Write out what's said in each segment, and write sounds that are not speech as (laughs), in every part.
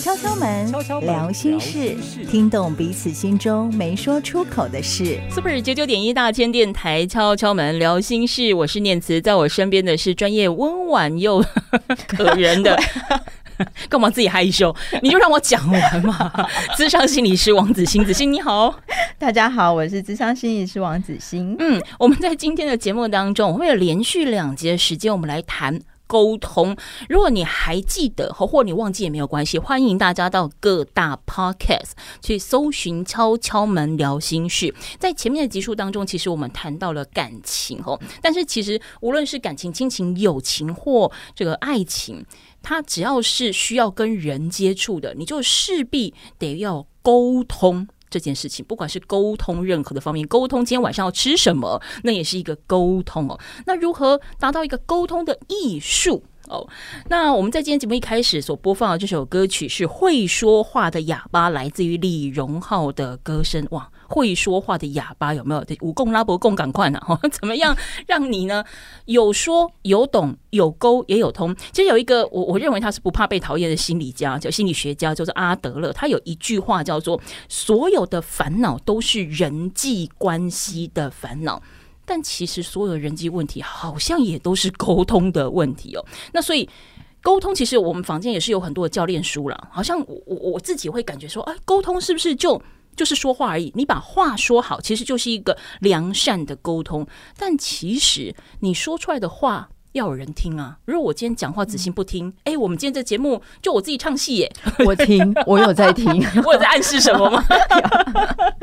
敲敲門，聊心室，聽懂彼此心中沒說出口的事。Super 九九點一大千電台，敲敲門，聊心室。我是念慈，在我身邊的是專業溫婉又可人的。幹 (laughs) 我 (laughs) 嘛自己害羞？你就讓我講完嘛。諮 (laughs) 好商心理師王子欣，子欣你好，大家好，我是諮商心理師王子欣。嗯，我們在今天的節目當中，會有連續兩集的時間，我們來談。溝通，如果你還記得，或或你忘記也沒有關係，歡迎大家到各大 podcast 去搜尋《敲敲門聊心事》。在前面的集數當中，其實我們談到了感情，哦，但是其實無論是感情、親情、友情或這個愛情，它只要是需要跟人接觸的，你就勢必得要溝通。這件事情，不管是溝通任何的方面，溝通今天晚上要吃什麼，那也是一個溝通哦。那如何達到一個溝通的藝術哦？那我們在今天節目一開始所播放的這首歌曲是《會說話的啞巴》，來自於李榮浩的歌聲哇。會說話的啞巴有沒有？無共拉伯共趕快呢？哦，怎麼樣讓你呢有說有懂有溝也有通？其實有一個我我認為他是不怕被討厭的心理家，叫心理學家，叫做阿德勒。他有一句話叫做：“所有的煩惱都是人際關係的煩惱。”但其實所有的人際問題好像也都是溝通的問題哦。那所以溝通，其實我們房間也是有很多的教練書了。好像我我自己會感覺說，啊，溝通是不是就？就是說話而已，你把話說好，其實就是一個良善的溝通。但其實你說出來的話，要有人聽啊！如果我今天講話子欣不聽，哎、嗯、欸，我們今天這節目就我自己唱戲耶！我聽，我有在聽， (laughs) 我有在暗示什麼嗎？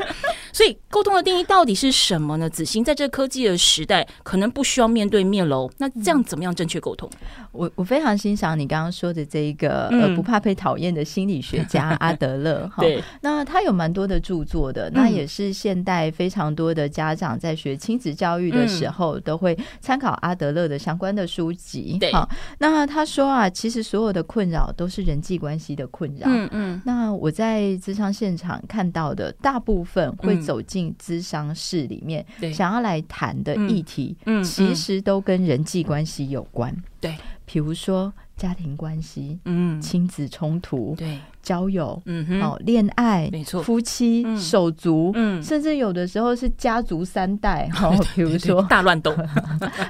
(laughs) (laughs) 所以溝通的定義到底是什麼呢？子欣，在這科技的時代，可能不需要面對面嘍。那這樣怎麼樣正確溝通？我我非常欣賞你剛剛說的這一個呃、嗯、不怕被討厭的心理學家阿德勒哈 (laughs) 對。那他有蠻多的著作的，嗯、那也是現代非常多的家長在學親子教育的時候、嗯、都會參考阿德勒的相關的。書籍好對、啊，那他說啊，其實所有的困擾都是人際關係的困擾、嗯。嗯，那我在諮商現場看到的，大部分會走進諮商室裡面，嗯、想要來談的議題，其實都跟人際關係有關。嗯嗯嗯嗯對，比如說家庭關係，嗯，親子衝突，對，交友，嗯，好，戀愛，沒錯，夫妻，手足，嗯，甚至有的時候是家族三代，哈，比如說大亂鬥，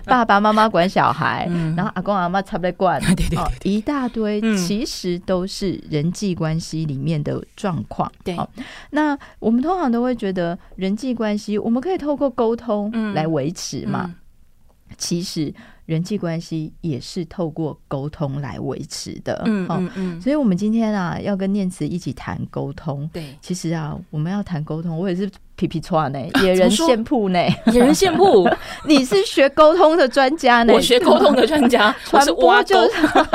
爸爸媽媽管小孩，然後阿公阿媽差不多管，對對對，一大堆，其實都是人際關係裡面的狀況。對，那我們通常都會覺得人際關係我們可以透過溝通來維持嘛，其實。人際關係也是透過溝通來維持的，嗯嗯，哦、嗯所以我們今天啊要跟念慈一起談溝通。對，其實啊我們要談溝通，我也是皮皮穿呢，野人獻曝呢，野人獻曝。你是學溝通的專家呢，我學溝通的專家，傳 (laughs) 播就是,、啊、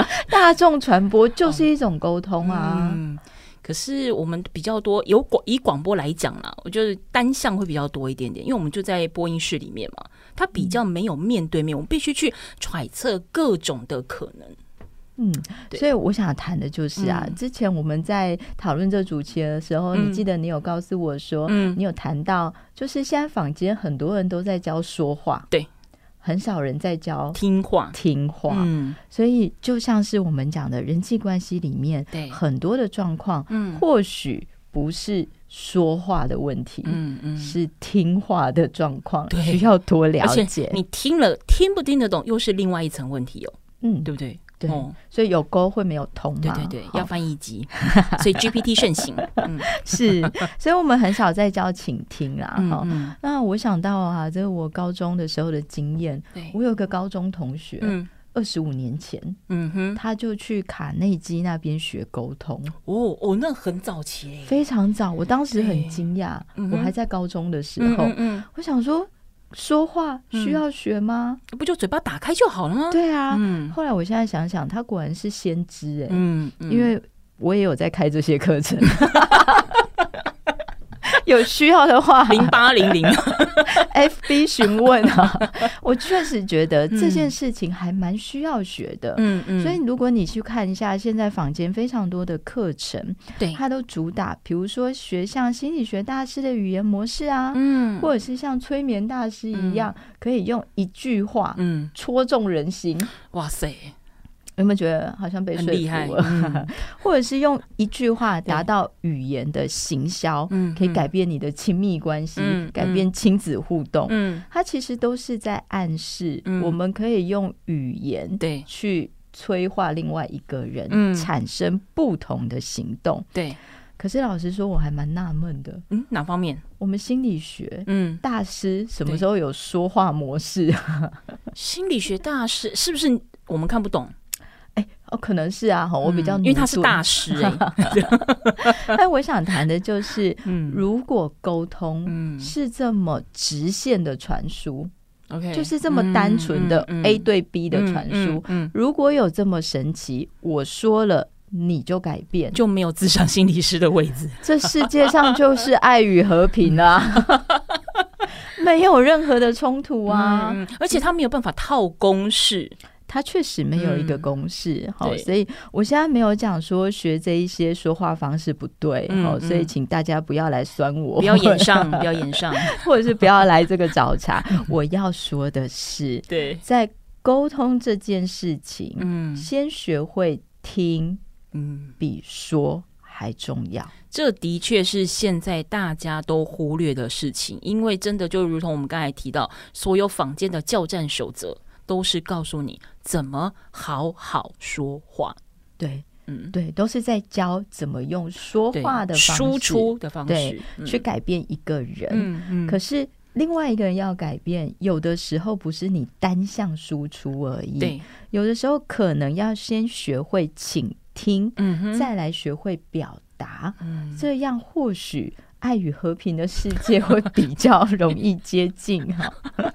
是 (laughs) 大眾傳播就是一種溝通啊、嗯。可是我們比較多，有廣以廣播來講呢，我就是單向會比較多一點點，因為我們就在播音室裡面嘛。他比較沒有面對面，我們必須去揣測各種的可能。嗯，所以我想談的就是啊，嗯、之前我們在討論這主題的時候，嗯、你記得你有告訴我說，嗯、你有談到，就是現在坊間很多人都在教說話，對，很少人在教聽話，聽話。嗯，所以就像是我們講的人際關係裡面，對很多的狀況，或許不是。說話的問題，嗯嗯，是聽話的狀況，需要多了解。你聽了聽不聽得懂，又是另外一層問題哦，嗯，對不對？對，所以有溝會沒有通。對對對，要翻譯機。所以 GPT 盛行，嗯，是，所以我們很少在教傾聽啦。哈，那我想到啊，這是我高中的時候的經驗，我有個高中同學，二十五年前，嗯哼，他就去卡內基那邊學溝通。哦哦，那很早期，非常早。我當時很驚訝，嗯、我還在高中的時候，嗯嗯嗯，我想說，說話需要學嗎、嗯？不就嘴巴打開就好了嗎？對啊。嗯、後來我現在想想，他果然是先知哎。嗯嗯，因為我也有在開這些課程。 (laughs) 有需要的話，零八零零，FB 詢問啊， (laughs) 我確實覺得這件事情還蠻需要學的，嗯、所以如果你去看一下現在坊間非常多的課程，對它都主打，比如說學像心理學大師的語言模式啊，嗯、或者是像催眠大師一樣，嗯、可以用一句話，嗯、戳中人心，哇塞。有沒有覺得好像被說服了，很厲害 (laughs) 或者是用一句話達到語言的行銷，可以改變你的親密關係，改變親子互動。它其實都是在暗示，我們可以用語言對去催化另外一個人產生不同的行動，對。可是老實說，我還蠻納悶的，嗯，哪方面？我們心理學嗯大師什麼時候有說話模式啊？ (laughs) 心理學大師是不是我們看不懂？哦，可能是啊，我比較因為他是大師哎、欸， (laughs) 我想談的就是，嗯、如果溝通是這麼直線的傳輸、嗯、就是這麼單純的 A 對 B 的傳輸，如果有這麼神奇，我說了你就改變，就沒有諮商心理師的位置，這世界上就是愛與和平啊， (laughs) 沒有任何的衝突啊、嗯，而且他沒有辦法套公式。他確實沒有一個公式，好、嗯哦，所以我現在沒有講說學這一些說話方式不對，好、嗯嗯哦，所以請大家不要來酸我，不要演上，不要演上， (laughs) 或者是不要來這個找茬。 (laughs) 我要說的是，對，在溝通這件事情，嗯，先學會聽，嗯，比說還重要。這的確是現在大家都忽略的事情，因為真的就如同我們剛才提到，所有坊間的教戰守則。都是告訴你怎麼好好說話，對，嗯，對，都是在教怎麼用說話的方式輸出的方式對、嗯、去改變一個人。嗯嗯、可是另外一個人要改變，有的時候不是你單向輸出而已，對有的時候可能要先學會傾聽，嗯、哼再來學會表達，嗯、這樣或許愛與和平的世界會比較容易接近，哈。 (laughs) (laughs)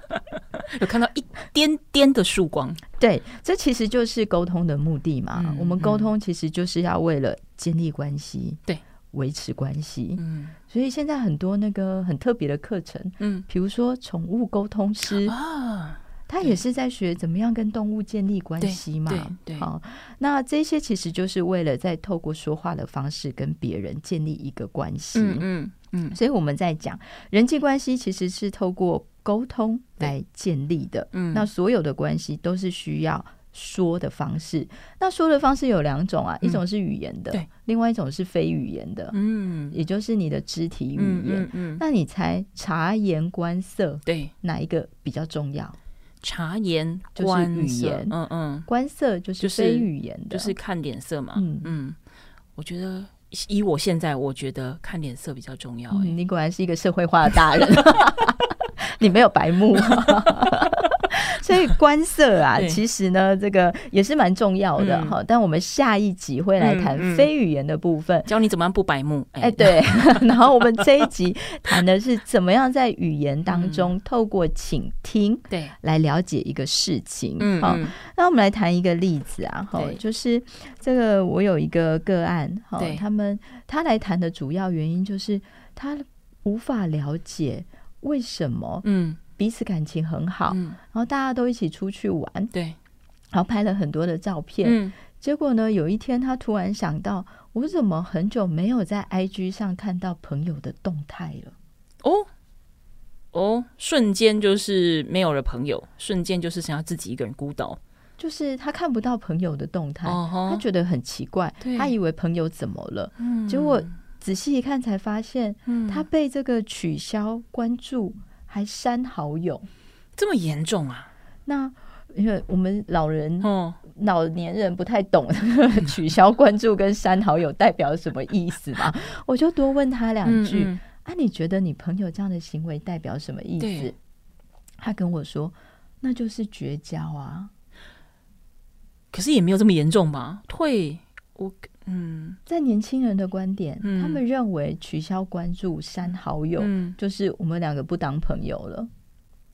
有看到一點點的曙光，對，這其實就是溝通的目的嘛。嗯嗯、我們溝通其實就是要為了建立關係，對，維持關係。嗯，所以現在很多那個很特別的課程，嗯，比如說寵物溝通師、啊、他也是在學怎麼樣跟動物建立關係嘛對。對，對好，那這些其實就是為了在透過說話的方式跟別人建立一個關係、嗯。嗯嗯，所以我們在講人際關係，其實是透過。溝通來建立的，嗯，那所有的關係都是需要說的方式。那說的方式有兩種啊，一種是語言的，另外一種是非語言的，嗯，也就是你的肢體語言，嗯，那你猜察言觀色，對，哪一個比較重要？察言觀色，就是語言，嗯嗯，觀色就是非語言的，就是看臉色嘛，嗯嗯。我覺得以我現在，我覺得看臉色比較重要。你果然是一個社會化的大人。你沒有白目，所以觀色啊，其實呢，這個也是蠻重要的哈。但我們下一集會來談非語言的部分，教你怎麼樣不白目。哎，對。然後我們這一集談的是怎麼樣在語言當中透過傾聽，對，來了解一個事情。嗯，好。那我們來談一個例子啊，哈，就是這個我有一個個案，哈，他們他來談的主要原因就是他無法了解。為什麼？嗯，彼此感情很好，嗯、然後大家都一起出去玩，對、嗯，然後拍了很多的照片。嗯、結果呢，有一天他突然想到，我怎麼很久沒有在 IG 上看到朋友的動態了？哦哦，瞬間就是沒有了朋友，瞬間就是想要自己一個人孤島，就是他看不到朋友的動態，哦、吼他覺得很奇怪，對他以為朋友怎麼了？嗯、結果。仔細一看才發現，他被這個取消關注，還刪好友。這麼嚴重啊？那因為我們老人、嗯、老年人不太懂取消關注跟刪好友代表什麼意思嘛？嗯、 (laughs) 我就多問他兩句嗯嗯啊，你覺得你朋友這樣的行為代表什麼意思？對他跟我說，那就是絕交啊。可是也沒有這麼嚴重吧？退我。嗯，在年輕人的觀點，嗯、他們認為取消關注、刪好友，就是我們兩個不當朋友了。嗯嗯、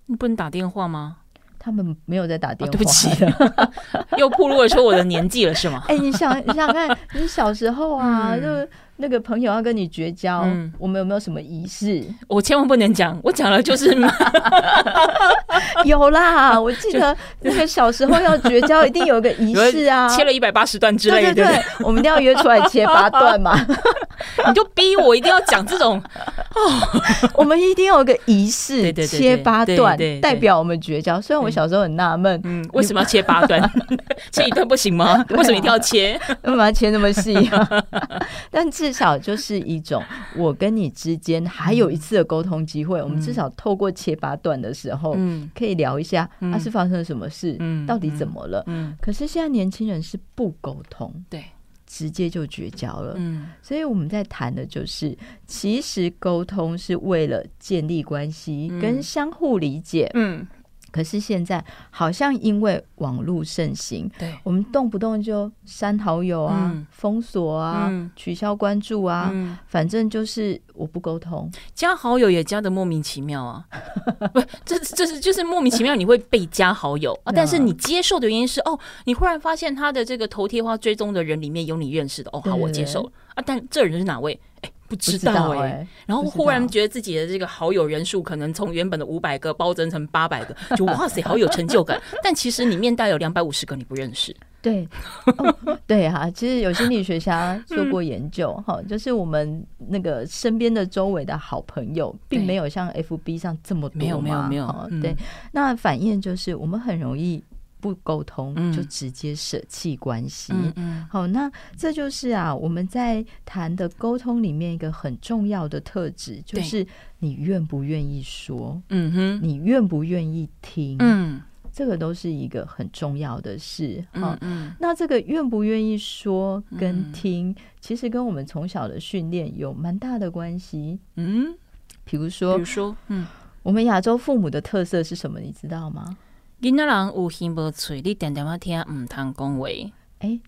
你不能打電話嗎？他們沒有在打電話、哦。對不起， (laughs) 又暴露了說我的年紀了， (laughs) 是嗎？哎、欸，你想，你想看，你小時候啊，嗯、就。那個朋友要跟你絕交，我們有沒有什麼儀式？我千萬不能講，我講了就是有啦。我記得，那個小時候要絕交，一定有個儀式啊，切了一百八十段之類的。對不對，我們一定要約出來切八段嘛。你就逼我一定要講這種哦，我們一定要有個儀式，切八段，代表我們絕交。雖然我小時候很納悶，為什麼要切八段？切一段不行嗎？為什麼一定要切？幹嘛要切那麼細？但是。 (laughs) 至少就是一種，我跟你之間還有一次的溝通機會。嗯、我們至少透過切八段的時候，可以聊一下，他、嗯啊、是發生了什麼事，嗯、到底怎麼了。嗯嗯、可是現在年輕人是不溝通，對，直接就絕交了。嗯、所以我們在談的就是，其實溝通是為了建立關係跟相互理解。嗯嗯可是現在好像因為網絡盛行，對，我們動不動就刪好友啊、嗯、封鎖啊、嗯、取消關注啊，嗯、反正就是我不溝通，加好友也加得莫名其妙啊！ (laughs) 不，這是這是就是莫名其妙，你會被加好友 (laughs) 啊，但是你接受的原因是哦，你忽然發現他的這個頭貼花追蹤的人裡面有你認識的，哦，好，我接受了對對對啊，但這人是哪位？欸不知道哎、欸，道欸、然後忽然覺得自己的這個好友人數可能從原本的五百個暴增成八百個， (laughs) 就哇塞，好有成就感。 (laughs) 但其實裡面大概有兩百五十個你不認識。對，哦、對哈、啊，其實有心理學家做過研究哈、 (laughs) 嗯哦，就是我們那個身邊的周圍的好朋友，嗯、並沒有像 F B 上這麼多，沒有沒有沒有。哦、對，嗯、那反應就是我們很容易。不溝通就直接捨棄關係。嗯、好，那這就是啊，我們在談的溝通裡面一個很重要的特質，對就是你願不願意說，嗯、哼你願不願意聽，嗯、這個都是一個很重要的事。嗯、好，那這個願不願意說跟聽，嗯、其實跟我們從小的訓練有蠻大的關係。嗯，比如說，比如說，嗯，我們亞洲父母的特色是什麼？你知道嗎？你那浪無心無嘴，你點點我聽不，唔談恭欸，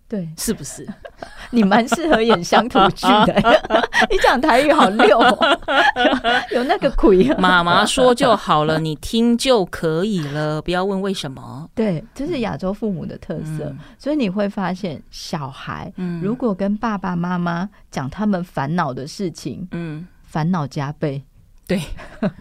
對，是不是？ (laughs) 你蠻適合演鄉土劇的、欸。 (laughs) 你講台語好溜、喔 (laughs) 有，有那個鬼。媽 (laughs) 媽說就好了，你聽就可以了，不要問為什麼。對，這是亞洲父母的特色，嗯、所以你會發現，小孩如果跟爸爸媽媽講他們煩惱的事情，煩惱、嗯、加倍。 (laughs) 對，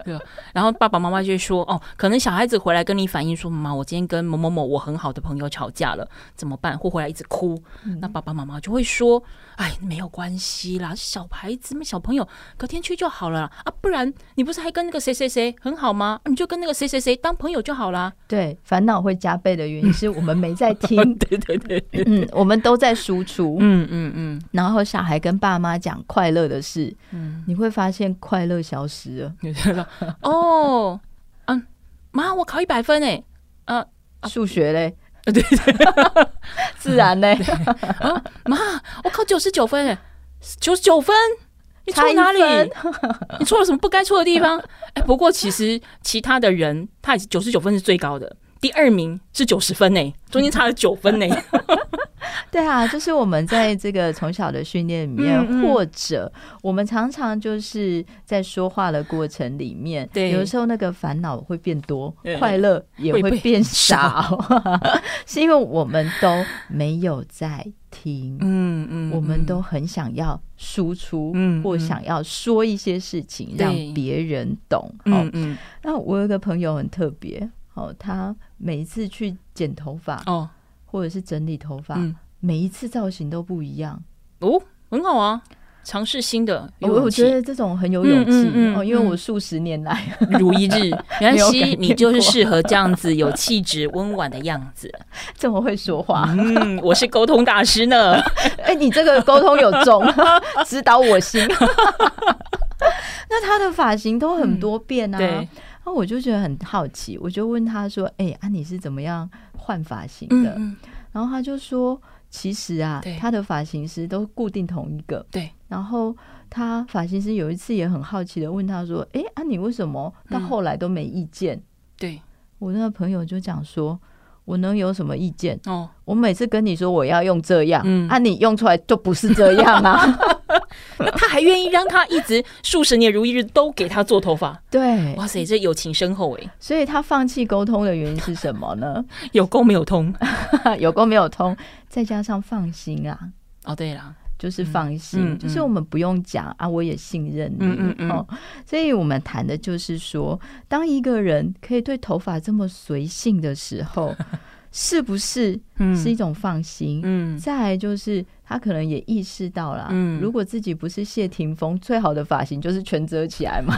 對，然後爸爸媽媽就會說：“哦，可能小孩子回來跟你反映說，媽媽，我今天跟某某某我很好的朋友吵架了，怎麼辦？”或回來一直哭，嗯、那爸爸媽媽就會說。哎，沒有關係啦，小孩子嘛，小朋友隔天去就好了啦啊。不然你不是還跟那個誰誰誰很好嗎？你就跟那個誰誰誰當朋友就好啦。對，煩惱會加倍的原因是我們沒在聽， (laughs) 對對對，對，嗯，我們都在輸出， (laughs) 嗯嗯嗯。然後小孩跟爸媽講快樂的事，嗯，你會發現快樂消失了。 (laughs) 哦，嗯，媽，我考一百分哎，嗯、啊，啊、數學嘞。呃，對對，自然呢、欸。 (laughs) 啊！媽，我考九十九分哎，九十九分，你錯哪裡？你錯了什麼不該錯的地方？哎、欸，不過其實其他的人他也是九十九分是最高的，第二名是九十分哎，中間差了九分呢。 (laughs) 對啊，就是我們在這個從小的訓練裡面，或者我們常常就是在說話的過程裡面，有時候那個煩惱會變多，快樂也會變少，是因為我們都沒有在聽。嗯嗯，我們都很想要輸出，或想要說一些事情讓別人懂。嗯。那我有個朋友很特別，哦，他每一次去剪頭髮哦，或者是整理頭髮。每一次造型都不一樣哦，很好啊，嘗試新的、哦。我覺得這種很有勇氣、嗯嗯嗯、哦，因為我數十年來如一日。原來西你就是適合這樣子有氣質溫婉的樣子，這麼會說話，嗯，我是溝通大師呢。哎、 (laughs) 欸，你這個溝通有重 (laughs) 指導我心。 (laughs) 那他的髮型都很多變啊，那、嗯啊、我就覺得很好奇，我就問他說：“哎、欸、啊，你是怎麼樣換髮型的？”嗯嗯，然後他就說。其實啊，對他的髮型師都固定同一個。對，然後他髮型師有一次也很好奇的問他說：“哎、欸，啊，你為什麼到後來都沒意見？”嗯、對，我那個朋友就講說：“我能有什麼意見？哦，我每次跟你說我要用這樣，嗯、啊，你用出來就不是這樣啊。” (laughs) (laughs) 他還願意讓他一直數十年如一日都給他做頭髮，對，哇塞，這友情深厚哎、欸。所以他放棄溝通的原因是什麼呢？ (laughs) 有溝沒有通， (laughs) 有溝沒有通，再加上放心啊。哦，對了，就是放心，嗯嗯嗯、就是我們不用講啊，我也信任你。嗯嗯嗯、哦。所以我們談的就是說，當一個人可以對頭髮這麼隨性的時候， (laughs) 是不是是一種放心？嗯，嗯再來就是。他可能也意識到了，嗯、如果自己不是謝霆鋒，最好的髮型就是全遮起來嘛。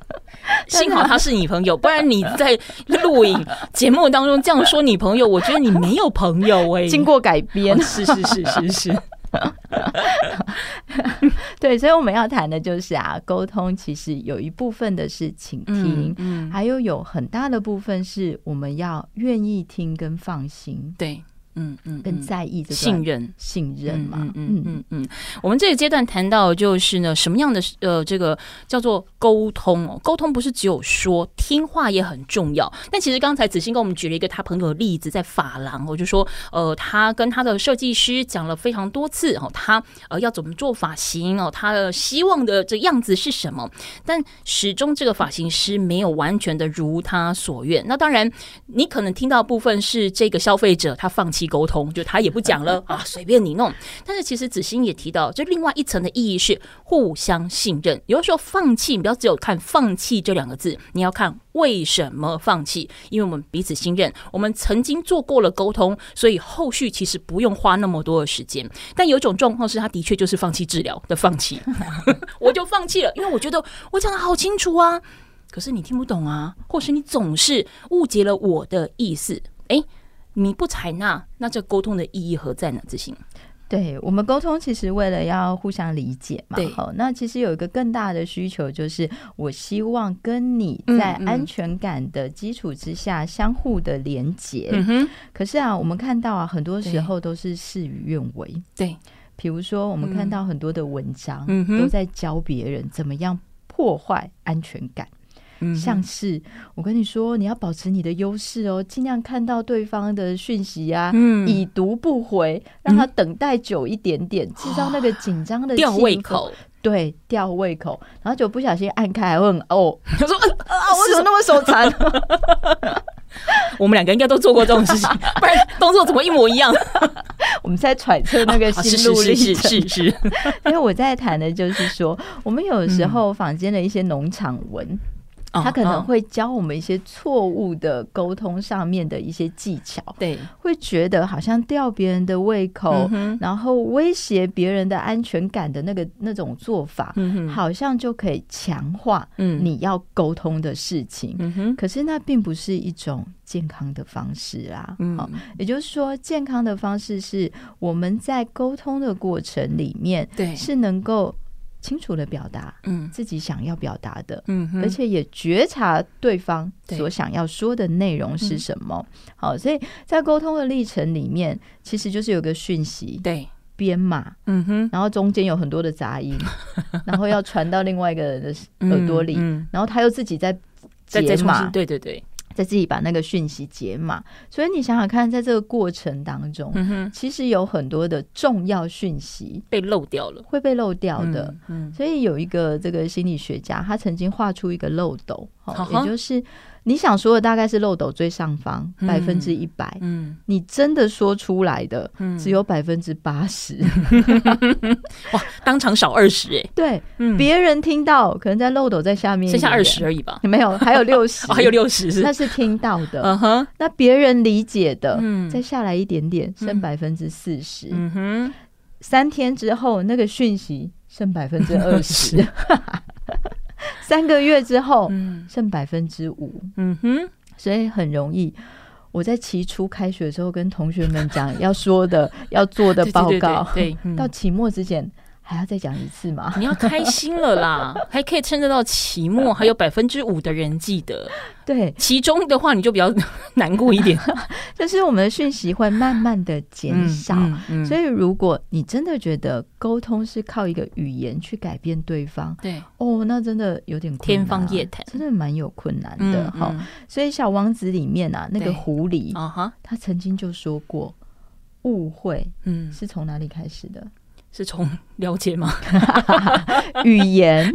(laughs) 幸好他是你朋友，不然你在錄影節目當中這樣說你朋友， (laughs) 我覺得你沒有朋友哎、欸。經過改編， (laughs) 是是是是是。 (laughs) (laughs) 對，所以我們要談的就是啊，溝通其實有一部分的是傾聽，嗯嗯、還有有很大的部分是我們要願意聽跟放心。對。嗯嗯，更、嗯嗯、在意信任信任嘛，嗯嗯嗯嗯。嗯嗯嗯嗯嗯，我們這個階段談到就是呢，什麼樣的呃，這個叫做溝通哦，溝通不是只有說，聽話也很重要。但其實剛才子欣給我們舉了一個他朋友的例子，在髮廊，我就說呃，他跟他的設計師講了非常多次哦，他呃要怎麼做髮型哦，他的、呃、希望的這樣子是什麼，但始終這個髮型師沒有完全的如他所願。那當然，你可能聽到的部分是這個消費者他放棄。溝通，就他也不講了啊，隨便你弄。但是其實子欣也提到，這另外一層的意義是互相信任。有的時候放棄，你不要只有看“放棄”這兩個字，你要看為什麼放棄。因為我們彼此信任，我們曾經做過了溝通，所以後續其實不用花那麼多的時間。但有一種狀況是，他的確就是放棄治療的放棄， (laughs) (laughs) 我就放棄了，因為我覺得我講的好清楚啊，可是你聽不懂啊，或是你總是誤解了我的意思，誒、欸。你不採納，那這溝通的意義何在呢？自信，對，我們溝通其實為了要互相理解嘛。對。哦，那其實有一個更大的需求，就是我希望跟你在安全感的基礎之下相互的連接。嗯嗯，可是啊，我們看到啊，很多時候都是事與願違。對，比如說我們看到很多的文章，都在教別人怎麼樣破壞安全感。像是我跟你說，你要保持你的優勢哦，儘量看到對方的訊息啊，嗯，已讀不回，讓他等待久一點點，哦、製造那個緊張的吊胃口，對，吊胃口，然後就不小心按開還問，問哦，他說啊、呃呃，我怎麼那麼手殘？我們兩個應該都做過這種事情，不然動作怎麼一模一樣？ (laughs) 我們在揣測那個心路歷程，因為我在談的就是說，我們有時候坊間的一些農場文。嗯他可能會教我們一些錯誤的溝通上面的一些技巧，對、哦，會覺得好像吊別人的胃口，嗯、哼然後威脅別人的安全感的那個那種做法，嗯、哼好像就可以強化你要溝通的事情，嗯、哼可是那並不是一種健康的方式啦，嗯、也就是說，健康的方式是我們在溝通的過程裡面，是能夠。清楚的表達，嗯、自己想要表達的，嗯、哼而且也覺察對方所想要說的內容是什麼。嗯、好，所以在溝通的歷程裡面，其實就是有個訊息對編碼，碼嗯、哼然後中間有很多的雜音， (laughs) 然後要傳到另外一個人的耳朵裡，嗯嗯、然後他又自己在解碼，對對對。在自己把那個訊息解碼，所以你想想看，在這個過程當中，嗯、哼其實有很多的重要訊息被漏掉了，會被漏掉的。嗯、所以有一個這個心理學家，他曾經畫出一個漏斗，也就是。你想說的大概是漏斗最上方百分之一百，嗯，你真的說出來的只有百分之八十，嗯、 (laughs) 哇，當場少二十哎，對，別、嗯、人聽到可能在漏斗在下面剩下二十而已吧，有沒有，還有六十、 (laughs) 哦，還有六十，那是聽到的，uh、huh，那別人理解的、嗯、再下來一點點，剩百分之四十，嗯嗯、三天之後那個訊息剩百分之二十。 (laughs) 三個月之後剩，剩百分之五。嗯哼，所以很容易。我在期初開學的時候跟同學們講，要說的、 (laughs) 要做的報告，對對對對嗯、到期末之前。還要再講一次嗎？你要開心了啦，還可以撐得到期末，還有百分之五的人記得。對，其中的話你就比較難過一點。但是我們的訊息會慢慢的減少，所以如果你真的覺得溝通是靠一個語言去改變對方，對哦，那真的有點天方夜譚，真的蠻有困難的哈。所以小王子裡面啊，那個狐狸啊哈，他曾經就說過，誤會嗯是從哪裡開始的？是從了解嗎？ (laughs) (laughs) 語言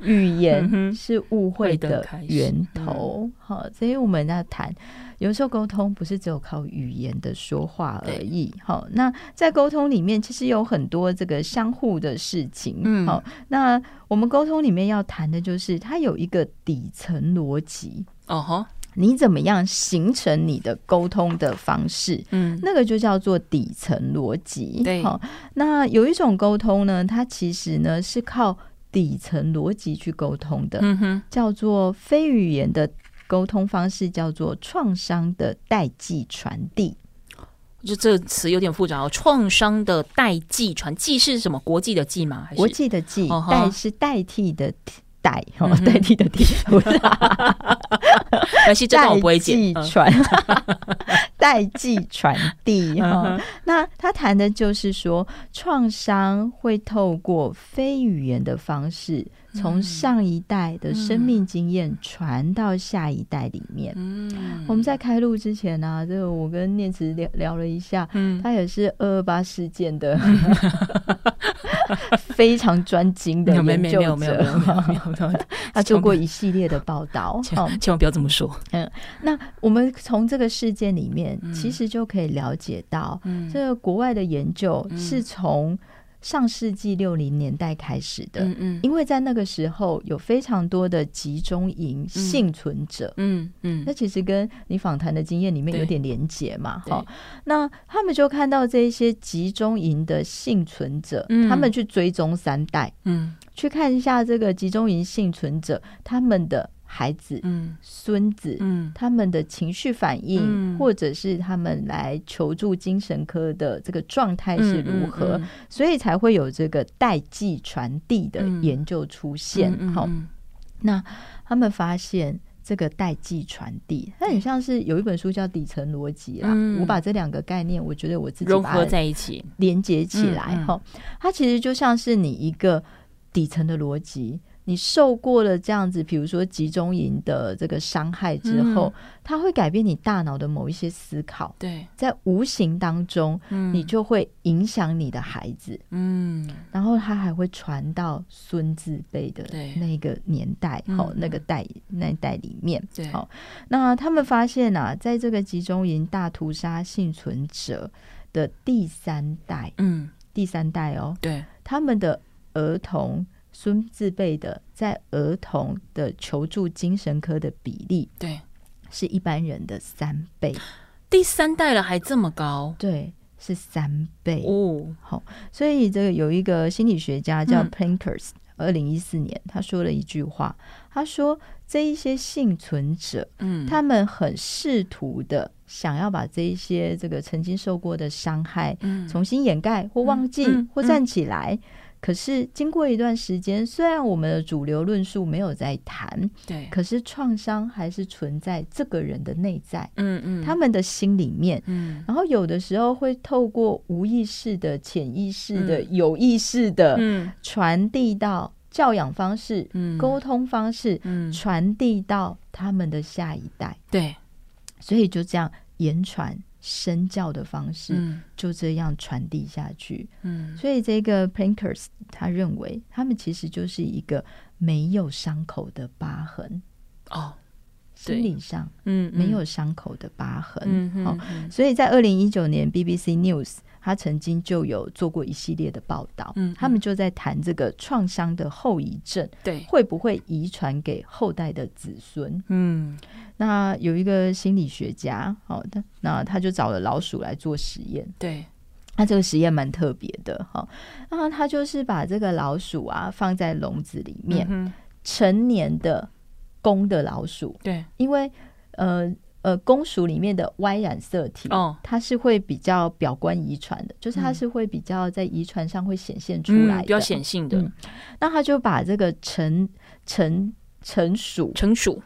語言是誤會的源頭。好，嗯、所以我們要談，有時候溝通不是只有靠語言的說話而已。好對，那在溝通裡面，其實有很多這個相互的事情。好、嗯，那我們溝通裡面要談的就是，它有一個底層邏輯。哦、uh huh 你怎麼樣形成你的溝通的方式？嗯，那個就叫做底層邏輯。對，好、哦，那有一種溝通呢，它其實呢是靠底層邏輯去溝通的。嗯、哼叫做非語言的溝通方式，叫做創傷的代際傳遞。就這個詞有點複雜哦，創傷的代際傳遞是什麼？國際的“際”嗎？還是國際的“際”代、哦、哈是代替的？代，哈，代替的地、嗯、哼代替，不 (laughs) 代際傳、嗯哼，代際傳遞，那他談的就是說，創傷會透過非語言的方式，從上一代的生命經驗傳到下一代裡面。嗯嗯、我們在開錄之前呢、啊，就、這個、我跟念慈聊聊了一下，嗯、他也是二二八事件的。嗯 (laughs) (laughs) 非常專精的研究者沒有有？有 (laughs) 沒有？他做過一系列的報道，好， (laughs) 千萬不要這麼說。嗯，那我們從這個事件裡面，其實就可以了解到，這個國外的研究是從。上世紀六零年代開始的，嗯嗯、因為在那個時候有非常多的集中營倖存者，嗯嗯，嗯嗯，那其實跟你訪談的經驗裡面有點連結嘛，齁，那他們就看到這些集中營的倖存者，嗯、他們去追蹤三代，嗯、去看一下這個集中營倖存者他們的。孩子、孫、嗯、子，嗯、他們的情緒反應，嗯、或者是他們來求助精神科的這個狀態是如何，嗯嗯嗯、所以才會有這個代際傳遞的研究出現。好、嗯嗯嗯嗯，那他們發現這個代際傳遞，它很像是有一本書叫《底層邏輯》啦。嗯、我把這兩個概念，我覺得我自己把它合在一起，連接起來。齁，它其實就像是你一個底層的邏輯。你受過了這樣子，比如說集中營的這個傷害之後，嗯、它會改變你大腦的某一些思考。對，在無形當中，嗯、你就會影響你的孩子。嗯，然後它還會傳到孫子輩的那個年代，好，那個代那一代裡面。對，好、哦，那他們發現啊，在這個集中營大屠殺幸存者的第三代，嗯，第三代哦，對，他們的兒童。孫子輩的在兒童的求助精神科的比例，對，是一般人的三倍。第三代了還這麼高，對，是三倍哦。好，所以這個有一個心理學家叫 Plinkers，二零一四年他說了一句話，他說這一些幸存者，嗯，他們很試圖的想要把這一些這個曾經受過的傷害，嗯，重新掩蓋、嗯、或忘記、嗯、或站起來。嗯嗯可是經過一段時間，雖然我們的主流論述沒有在談，對，可是創傷還是存在這個人的內在，嗯嗯，嗯他們的心裡面，嗯、然後有的時候會透過無意識的、潛意識的、嗯、有意識的傳遞到教養方式、溝、嗯、通方式，傳遞、嗯、到他們的下一代，對，所以就這樣言傳。身教的方式就這樣傳遞下去。嗯，所以這個 Plankers 他認為，他們其實就是一個沒有傷口的疤痕。哦。對心理上，嗯，沒有傷口的疤痕，好，嗯嗯哦，所以在二零一九年，BBC News，嗯嗯，他曾經就有做過一系列的報道，嗯，嗯他們就在談這個創傷的後遺症，對，會不會遺傳給後代的子孫？嗯，那有一個心理學家，好，哦，的，那他就找了老鼠來做實驗，對，他這個實驗蠻特別的，哈，哦，那他就是把這個老鼠啊放在籠子裡面，嗯嗯，成年的。公的老鼠，對，因為呃呃，公鼠裡面的 Y 染色體，哦，它是會比較表觀遺傳的，就是它是會比較在遺傳上會顯現出來的，嗯、比較顯性的、嗯。那他就把這個成成成鼠，成鼠，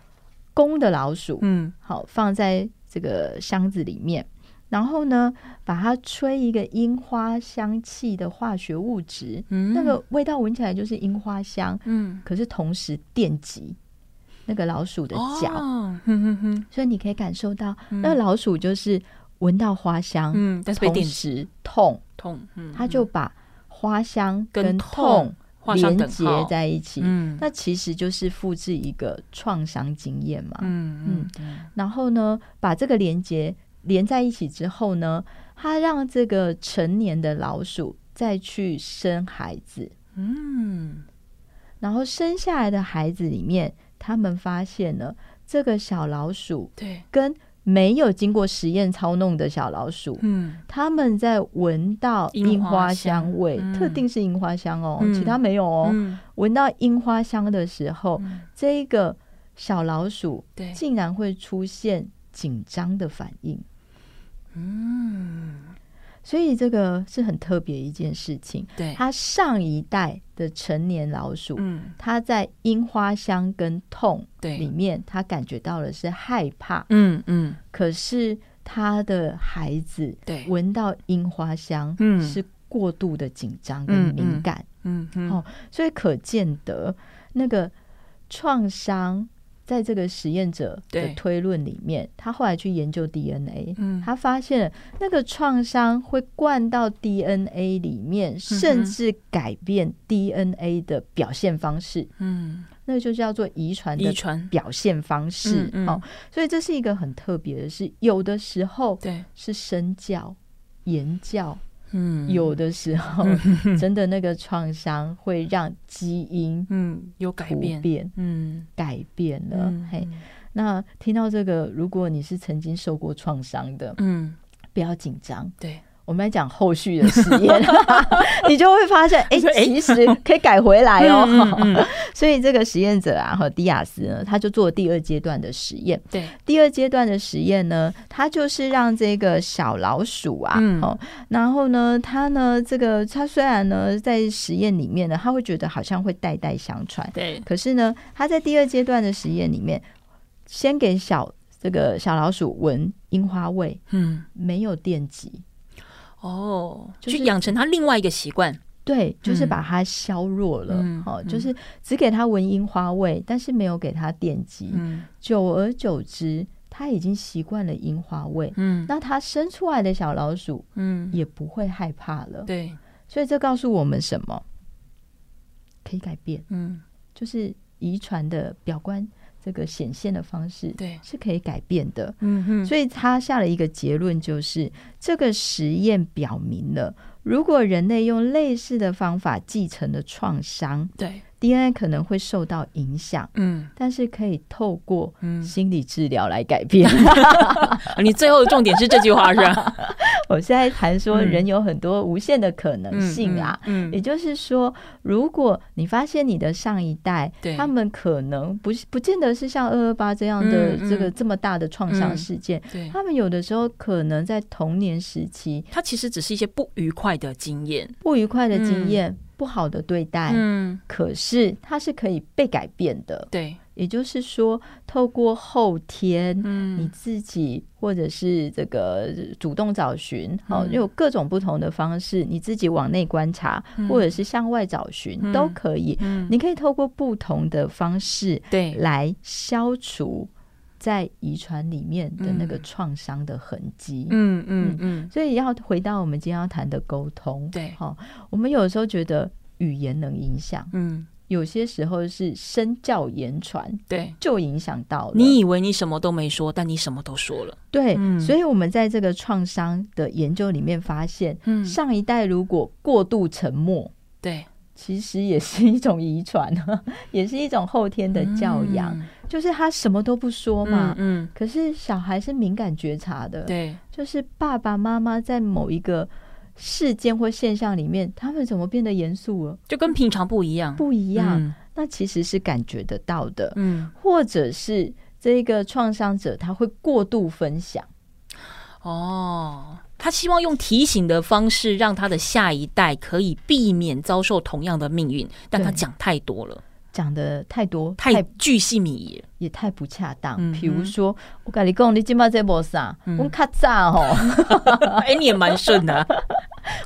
公的老鼠，嗯，好，放在這個箱子裡面，然後呢，把它吹一個櫻花香氣的化學物質，嗯、那個味道聞起來就是櫻花香，嗯，可是同時電擊。那個老鼠的腳，oh, 所以你可以感受到，那個老鼠就是聞到花香，嗯，同時痛，但是不一定痛，它、嗯、就把花香跟痛，跟痛連結在一起，那其實就是複製一個創傷經驗嘛，嗯，嗯，然後呢，把這個連結連在一起之後呢，它讓這個成年的老鼠再去生孩子，嗯、然後生下來的孩子裡面。他們發現了這個小老鼠跟沒有經過實驗操弄的小老鼠，嗯、他們在聞到櫻花香味，香嗯、特定是櫻花香哦、喔，嗯、其他沒有哦、喔。聞、嗯、到櫻花香的時候，嗯、這個小老鼠竟然會出現緊張的反應，所以這個是很特別一件事情。對，他上一代的成年老鼠，嗯、他在櫻花香跟痛裡面，對他感覺到的是害怕，嗯嗯。嗯，可是他的孩子，對，聞到櫻花香，嗯，是過度的緊張跟敏感，嗯，嗯，嗯，嗯，嗯、哦、所以可見得那個創傷。在這個實驗者的推論裡面，對他後來去研究 DNA、嗯、他發現那個創傷會灌到 DNA 裡面，嗯、哼甚至改變 DNA 的表現方式。嗯、那就叫做遺傳的表現方式。所以這是一個很特別的事。有的時候，是身教、言對教。嗯，有的時候真的那個創傷會讓基因，嗯，有改變，嗯，改變了，嗯，嘿。那聽到這個，如果你是曾經受過創傷的，嗯，不要緊張，嗯，對。我們來講後續的實驗， (laughs) (laughs) 你就會發現，哎、欸，其實可以改回來哦、喔。嗯嗯嗯 (laughs) 所以這個實驗者啊和迪亞斯呢，他就做第二階段的實驗。對，第二階段的實驗呢，他就是讓這個小老鼠啊，哦、嗯，然後呢，他呢，這個他雖然呢在實驗裡面呢，他會覺得好像會代代相傳，對，可是呢，他在第二階段的實驗裡面，先給小這個小老鼠聞櫻花味，嗯，沒有電擊。哦，oh, 就是去養成他另外一個習慣，對，就是把它削弱了，嗯、哦，就是只給他聞櫻花味，嗯、但是沒有給他電擊，嗯、久而久之，他已經習慣了櫻花味，嗯，那他生出來的小老鼠，嗯，也不會害怕了，對、嗯，所以這告訴我們什麼？可以改變，嗯，就是遺傳的表觀。這個顯現的方式對，是可以改變的，嗯哼，所以他下了一個結論，就是這個實驗表明了，如果人類用類似的方法繼承的創傷，對 DNA 可能會受到影響，嗯，但是可以透過心理治療來改變。嗯、 (laughs) (laughs) 你最後的重點是這句話是吧？ (laughs) 我現在談說人有很多無限的可能性啊，嗯嗯嗯、也就是說，如果你發現你的上一代，對他們可能不不見得是像二二八這樣的、嗯、這個這麼大的創傷事件，嗯嗯、他們有的時候可能在童年時期，他其實只是一些不愉快的經驗，不愉快的經驗，嗯、不好的對待，嗯、可是他是可以被改變的，對。也就是說，透過後天，嗯、你自己或者是這個主動找尋，好、嗯，有各種不同的方式，你自己往內觀察，嗯、或者是向外找尋、嗯、都可以。嗯、你可以透過不同的方式，對，來消除在遺傳裡面的那個創傷的痕跡。嗯嗯嗯。嗯，所以要回到我們今天要談的溝通，對，好、哦，我們有時候覺得語言能影響，嗯。有些時候是身教言傳，對，就影響到了。你以為你什麼都沒說，但你什麼都說了。對，嗯、所以我們在這個創傷的研究裡面發現，嗯、上一代如果過度沉默，對，其實也是一種遺傳，也是一種後天的教養，嗯、就是他什麼都不說嘛。嗯嗯，可是小孩是敏感覺察的，對，就是爸爸媽媽在某一個。事件或現象裡面，他們怎麼變得嚴肅了？就跟平常不一樣，不一樣。嗯，那其實是感覺得到的。嗯，或者是這個創傷者他會過度分享，哦，他希望用提醒的方式讓他的下一代可以避免遭受同樣的命運，但他講太多了。講得太多，太，太巨細靡遺，也太不恰當。嗯哼。比如說，我跟你講，你金馬在播啥？嗯、我卡扎哦，哎，你也蠻順的。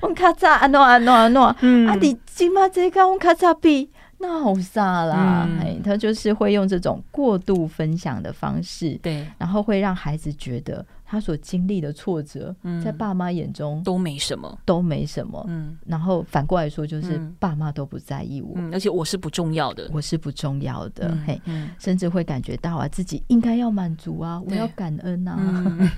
我卡扎啊諾啊諾啊諾，啊你金馬在講我卡扎比，那好傻啦！他就是會用這種過度分享的方式，對，然後會讓孩子覺得。他所經歷的挫折，在爸媽眼中都沒什麼，都沒什麼。嗯，然後反過來說，就是爸媽都不在意我，而且我是不重要的，我是不重要的。嘿，甚至會感覺到啊，自己應該要滿足啊，我要感恩啊。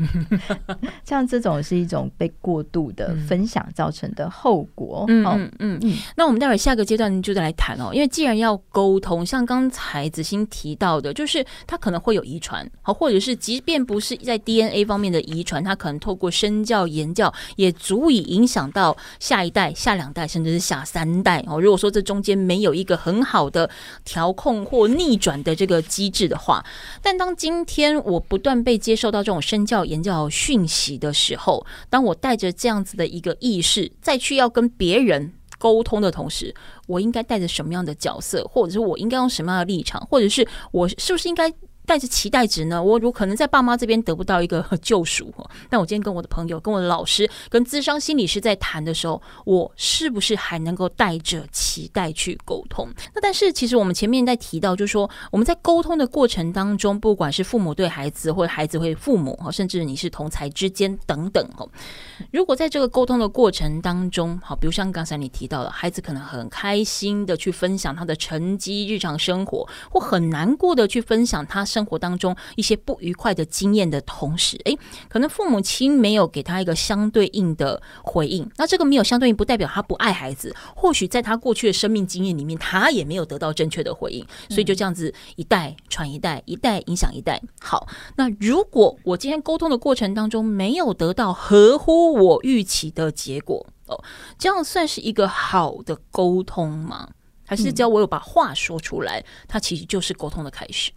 像這種是一種被過度的分享造成的後果。嗯嗯嗯。那我們待會下個階段就再來談哦，因為既然要溝通，像剛才子欣提到的，就是他可能會有遺傳，好，或者是即便不是在 DNA 方。面的遺傳，它可能透過身教言教，也足以影響到下一代、下兩代，甚至是下三代哦。如果說這中間沒有一個很好的調控或逆轉的這個機制的話，但當今天我不斷被接受到這種身教言教訊息的時候，當我帶着這樣子的一個意識再去要跟別人溝通的同時，我應該帶着什麼樣的角色，或者是我應該用什麼樣的立場，或者是我是不是應該？帶着期待值呢，我如可能在爸媽這邊得不到一個呵呵救贖。但我今天跟我的朋友、跟我的老師、跟諮商心理師在談的時候，我是不是還能夠帶着期待去溝通？那但是其實我們前面在提到，就是說我們在溝通的過程當中，不管是父母對孩子，或者孩子對父母，甚至你是同儕之間等等，如果在這個溝通的過程當中，好，比如像剛才你提到的，孩子可能很開心的去分享他的成績、日常生活，或很難過的去分享他。生活當中一些不愉快的經驗的同時，誒、欸，可能父母親沒有給他一個相對應的回應。那這個沒有相對應，不代表他不愛孩子。或許在他過去的生命經驗裡面，他也沒有得到正確的回應。所以就這樣子一代傳一代，一代影響一代。好，那如果我今天溝通的過程當中沒有得到合乎我預期的結果，哦，這樣算是一個好的溝通嗎？還是只要我有把話說出來，嗯、它其實就是溝通的開始？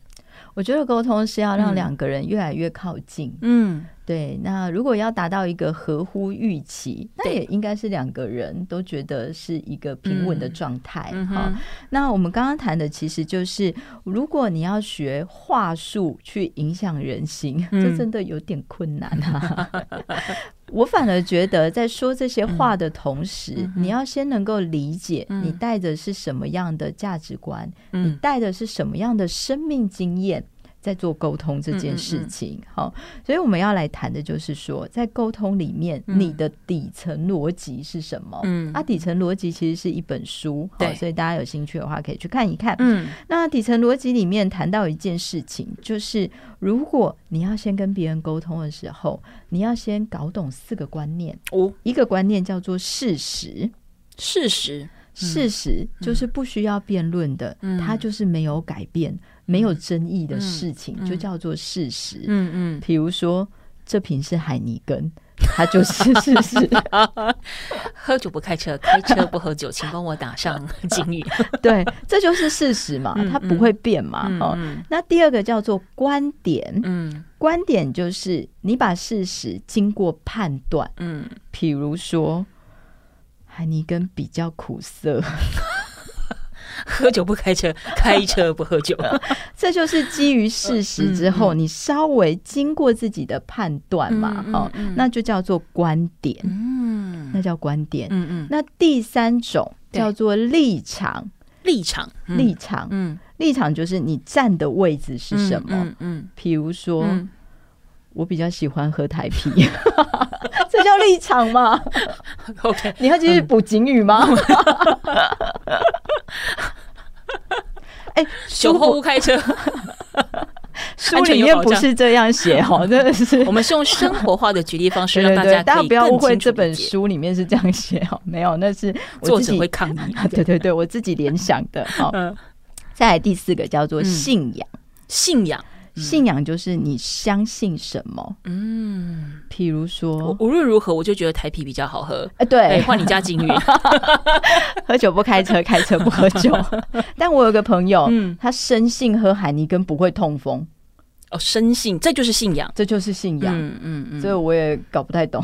我覺得溝通是要讓兩個人越來越靠近。嗯，對。那如果要達到一個合乎預期，嗯、那也應該是兩個人都覺得是一個平穩的狀態哈、嗯嗯哦。那我們剛剛談的其實就是，如果你要學話術去影響人心，嗯、這真的有點困難哈、啊嗯 (laughs) (laughs) 我反而覺得，在說這些話的同時，嗯、你要先能夠理解，你帶的是什麼樣的價值觀，嗯、你帶的是什麼樣的生命經驗。在做溝通這件事情，好、嗯嗯哦，所以我們要來談的，就是說，在溝通裡面，嗯、你的底層邏輯是什麼？嗯，啊，底層邏輯其實是一本書，對、哦，所以大家有興趣的話，可以去看一看。嗯、那底層邏輯裡面談到一件事情，就是如果你要先跟別人溝通的時候，你要先搞懂四個觀念。哦，一個觀念叫做事實，事實，嗯、事實就是不需要辯論的，嗯、它就是沒有改變。沒有爭議的事情就叫做事實。嗯嗯，比如說這瓶是海尼根，它就是事實。喝酒不開車，開車不喝酒，請幫我打上警語。對，這就是事實嘛，它不會變嘛。哦，那第二個叫做觀點。嗯，觀點就是你把事實經過判斷。嗯，譬如說海尼根比較苦澀。喝酒不開車，開車不喝酒， (laughs) 這就是基於事實之後，呃嗯嗯、你稍微經過自己的判斷嘛，嗯嗯嗯哦、那就叫做觀點，嗯，那叫觀點，嗯，嗯，那第三種叫做立場，對立場，立場，嗯、立場就是你站的位置是什麼？嗯，比、嗯嗯、如說。嗯我比較喜歡喝台啤， (laughs) (laughs) 這叫立場嗎 (laughs) ？OK，你要繼續補警語嗎？哎，酒後勿開車， (laughs) 書裡面不是這樣寫，哦，哈，真的是。 (laughs) 我們是用生活化的舉例方式，讓大家大家不要誤會這本書裡面是這樣寫，哈，沒有，那是我自己我會抗議。 (laughs) 對對對，我自己聯想的，好。 (laughs) 嗯、再來第四個叫做信仰，嗯、信仰。信仰就是你相信什麼。嗯，譬如說，我無論如何，我就覺得台啤比較好喝。哎，欸、對，換、欸、你家金魚， (laughs) (laughs) 喝酒不開車，開車不喝酒。 (laughs) 但我有個朋友，嗯，他深信喝海尼根不會痛風。哦，生性。這就是信仰，這就是信仰。嗯嗯，所以我也搞不太懂，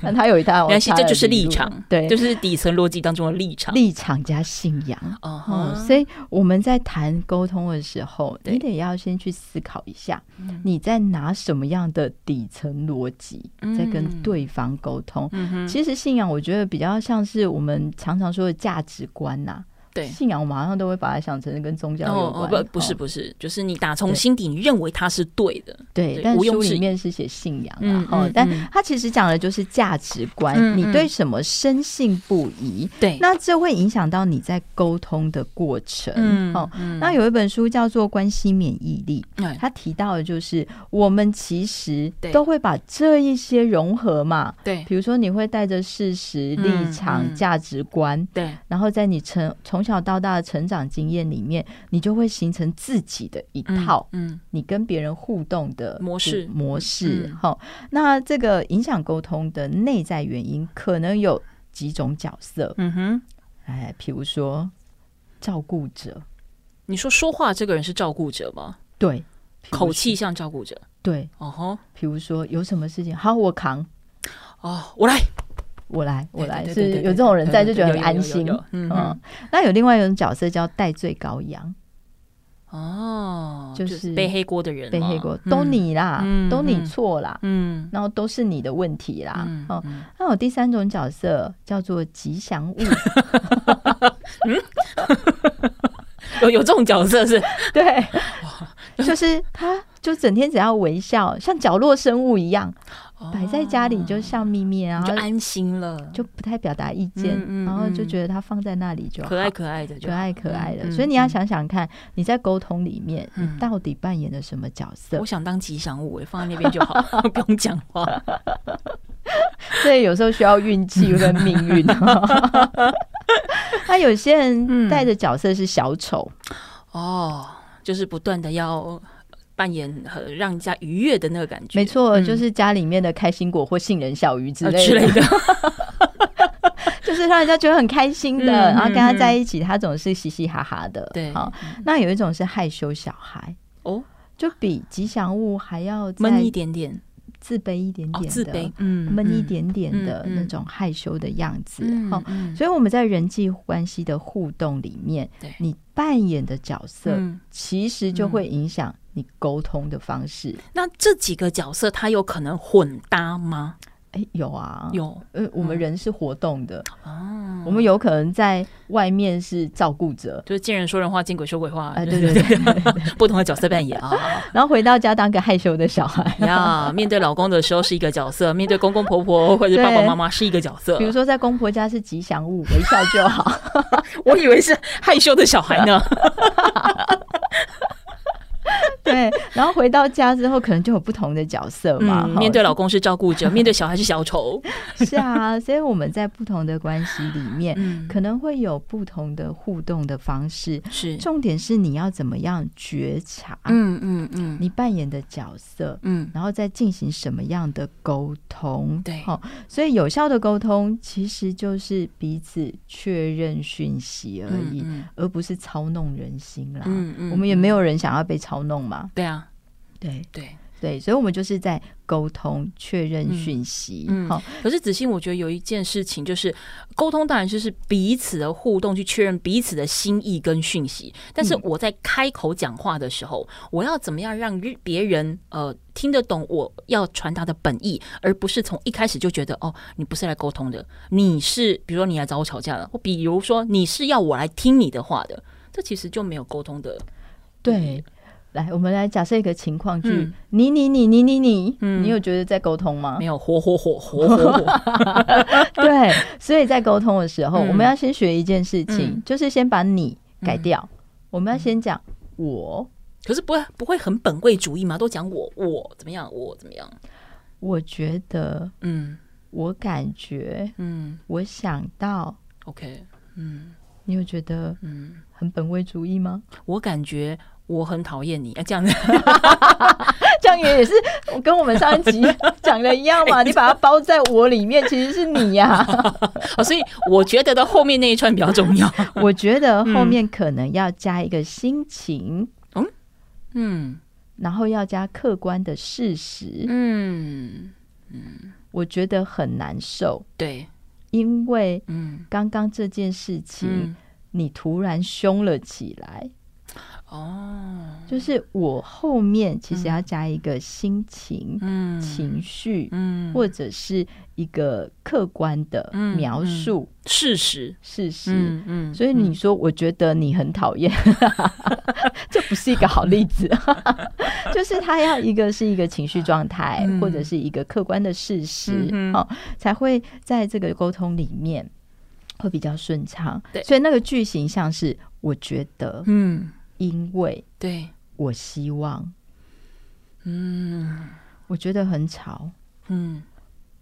但他有一套，這就是立場，對，就是底層邏輯當中的立場，立場加信仰。哦，所以我們在談溝通的時候，你得要先去思考一下，你在拿什麼樣的底層邏輯在跟對方溝通。其實信仰，我覺得比較像是我們常常說的價值觀吶。對，信仰，我們好像都會把它想成是跟宗教有關。不，不是，不是，就是你打從心底，你認為它是對的。對，但書裡面是寫信仰，然後，但它其實講的就是價值觀，你對什麼深信不疑。對，那這會影響到你在溝通的過程。嗯，哦，那有一本書叫做《關係免疫力》，他提到的就是我們其實都會把這一些融合嘛。對，比如說你會帶着事實、立場、價值觀，對，然後在你成從。從小到大的成長經驗裡面，你就會形成自己的一套，嗯，嗯你跟別人互動的模式模式哈、嗯。那這個影響溝通的內在原因，可能有幾種角色，嗯哼，哎，比如說照顧者，你說說話這個人是照顧者嗎？對，口氣像照顧者，對，哦吼，uh-huh，比如說有什麼事情，好，我扛，哦，oh, 我來。我來，我來，是有這種人在，就覺得很安心。嗯，那有另外一種角色叫代罪羔羊，哦，就是背黑鍋的人，背黑鍋都你啦，嗯，都你錯啦。嗯，然後都是你的問題啦。哦，那有第三種角色叫做吉祥物， (laughs) (laughs) 有有這種角色是？對，就是他，就整天只要微笑，像角落生物一樣。擺在家裡就笑眯眯，然後就安心了，就不太表達意見，然後就覺得他放在那裡就可愛可愛的，可愛可愛的。所以你要想想看，你在溝通裡面你到底扮演了什麼角色？我想當吉祥物，放在那邊就好，不用講話。所以有時候需要運氣，跟命運。他有些人帶的角色是小丑哦，就是不斷的要。扮演和讓人家愉悅的那個感覺，沒錯，就是家裡面的開心果或杏仁小魚之類的、嗯， (laughs) 就是讓人家覺得很開心的。嗯、然後跟他在一起，他總是嘻嘻哈哈的。對，好，那有一種是害羞小孩哦，就比吉祥物還要悶一點點。自卑一點點的，悶、哦嗯嗯、一點點的那種害羞的樣子，嗯嗯哦、所以我們在人際關係的互動裡面，嗯嗯、你扮演的角色，其實就會影響你溝通的方式。那這幾個角色，它有可能混搭嗎？哎，有啊，有。嗯、呃，我們人是活動的啊，嗯、我們有可能在外面是照顧者，就是見人說人話，見鬼說鬼話，呃，對對對，對， (laughs) 不同的角色扮演啊。 (laughs) 然後回到家當個害羞的小孩呀， (laughs) yeah, 面對老公的時候是一個角色， (laughs) 面對公公婆婆或者爸爸媽媽是一個角色。比如說在公婆家是吉祥物，微笑就好。 (laughs) (laughs) 我以為是害羞的小孩呢。 (laughs) (laughs) 對，然後回到家之後，可能就有不同的角色嘛。面對老公是照顧者，面對小孩是小丑。是啊，所以我們在不同的關係裡面，可能會有不同的互動的方式。是，重點是你要怎麼樣覺察？嗯嗯嗯，你扮演的角色，嗯，然後再進行什麼樣的溝通？對，好，所以有效的溝通其實就是彼此確認訊息而已，而不是操弄人心啦。我們也沒有人想要被操弄嘛。對啊，對對對，所以我們就是在溝通確認訊息。嗯、好、嗯，可是子欣，我覺得有一件事情就是溝通，當然就是彼此的互動去確認彼此的心意跟訊息。但是我在開口講話的時候，嗯、我要怎麼樣讓別人呃聽得懂我要傳達的本意，而不是從一開始就覺得哦，你不是來溝通的，你是比如說你來找我吵架了，或比如說你是要我來聽你的話的，這其實就沒有溝通的。對。來，我們來假設一個情況劇：你、你、你、你、你、你，你有覺得在溝通嗎？沒有，火火火火火火。對，所以在溝通的時候，我們要先學一件事情，就是先把你改掉。我們要先講我，可是不會不會很本位主義嗎？都講我我怎麼樣，我怎麼樣？我覺得，嗯，我感覺，嗯，我想到，OK，嗯，你有覺得，嗯，很本位主義嗎？我感覺。我很討厭你，啊，這樣子， (laughs) 這樣也也是我跟我們上一集講的一樣嘛。你把它包在我裡面，其實是你呀，啊。 (laughs) 所以我覺得到後面那一串比較重要。 (laughs) 我覺得後面可能要加一個心情，嗯，然後要加客觀的事實，嗯，我覺得很難受，對，因為剛剛這件事情你突然兇了起來。哦，就是我後面其實要加一個心情、情緒，或者是一個客觀的描述事實、事實。嗯，所以你說，我覺得你很討厭，這不是一個好例子。就是他要一個是一個情緒狀態，或者是一個客觀的事實，哦，才會在這個溝通裡面會比較順暢。對，所以那個句型像是我覺得，嗯。因為對，我希望，嗯，我覺得很吵，嗯，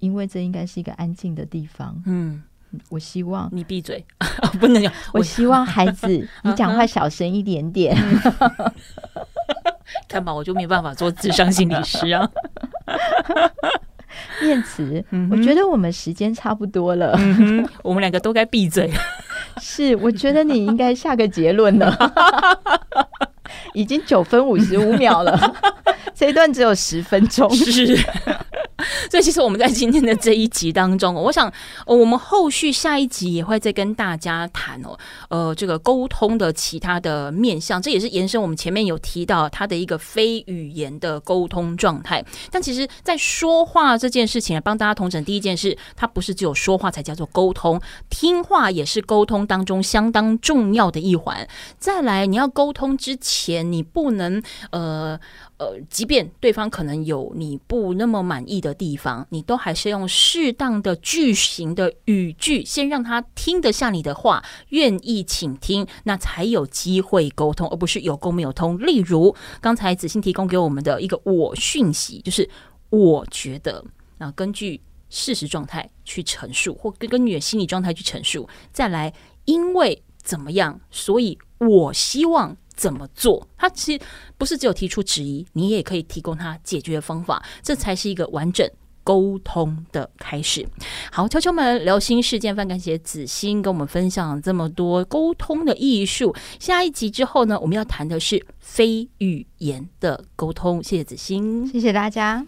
因為這應該是一個安靜的地方，嗯，我希望你閉閉嘴， (laughs) 不能講有，我希望孩子 (laughs) 你講話小聲一點點， (laughs) 看吧，我就沒辦法做諮商心理師啊，念慈，我覺得我們時間差不多了，嗯、我們兩個都該閉嘴。是，我覺得你應該下個結論了， (laughs) 已經九分五十五秒了， (laughs) 這一段只有十分鐘。是。所以，其實我們在今天的這一集當中，我想，我們後續下一集也會再跟大家談哦，呃，這個溝通的其他的面向，這也是延伸我們前面有提到它的一個非語言的溝通狀態。但其實，在說話這件事情來幫大家統整，第一件事，它不是只有說話才叫做溝通，聽話也是溝通當中相當重要的一環。再來，你要溝通之前，你不能呃。呃，即便對方可能有你不那麼滿意的地方，你都還是用適當的句型的語句，先讓他聽得下你的話，願意傾聽，那才有機會溝通，而不是有溝沒有通。例如，剛才子欣提供給我們的一個我訊息，就是我覺得啊，根據事實狀態去陳述，或跟根據你的心理狀態去陳述，再來因為怎麼樣，所以我希望。怎麼做？他其實不是只有提出質疑，你也可以提供他解決的方法，這才是一個完整溝通的開始。好，悄悄們聊心室，非常感謝子欣跟我們分享了這麼多溝通的藝術。下一集之後呢，我們要談的是非語言的溝通。謝謝子欣，謝謝大家。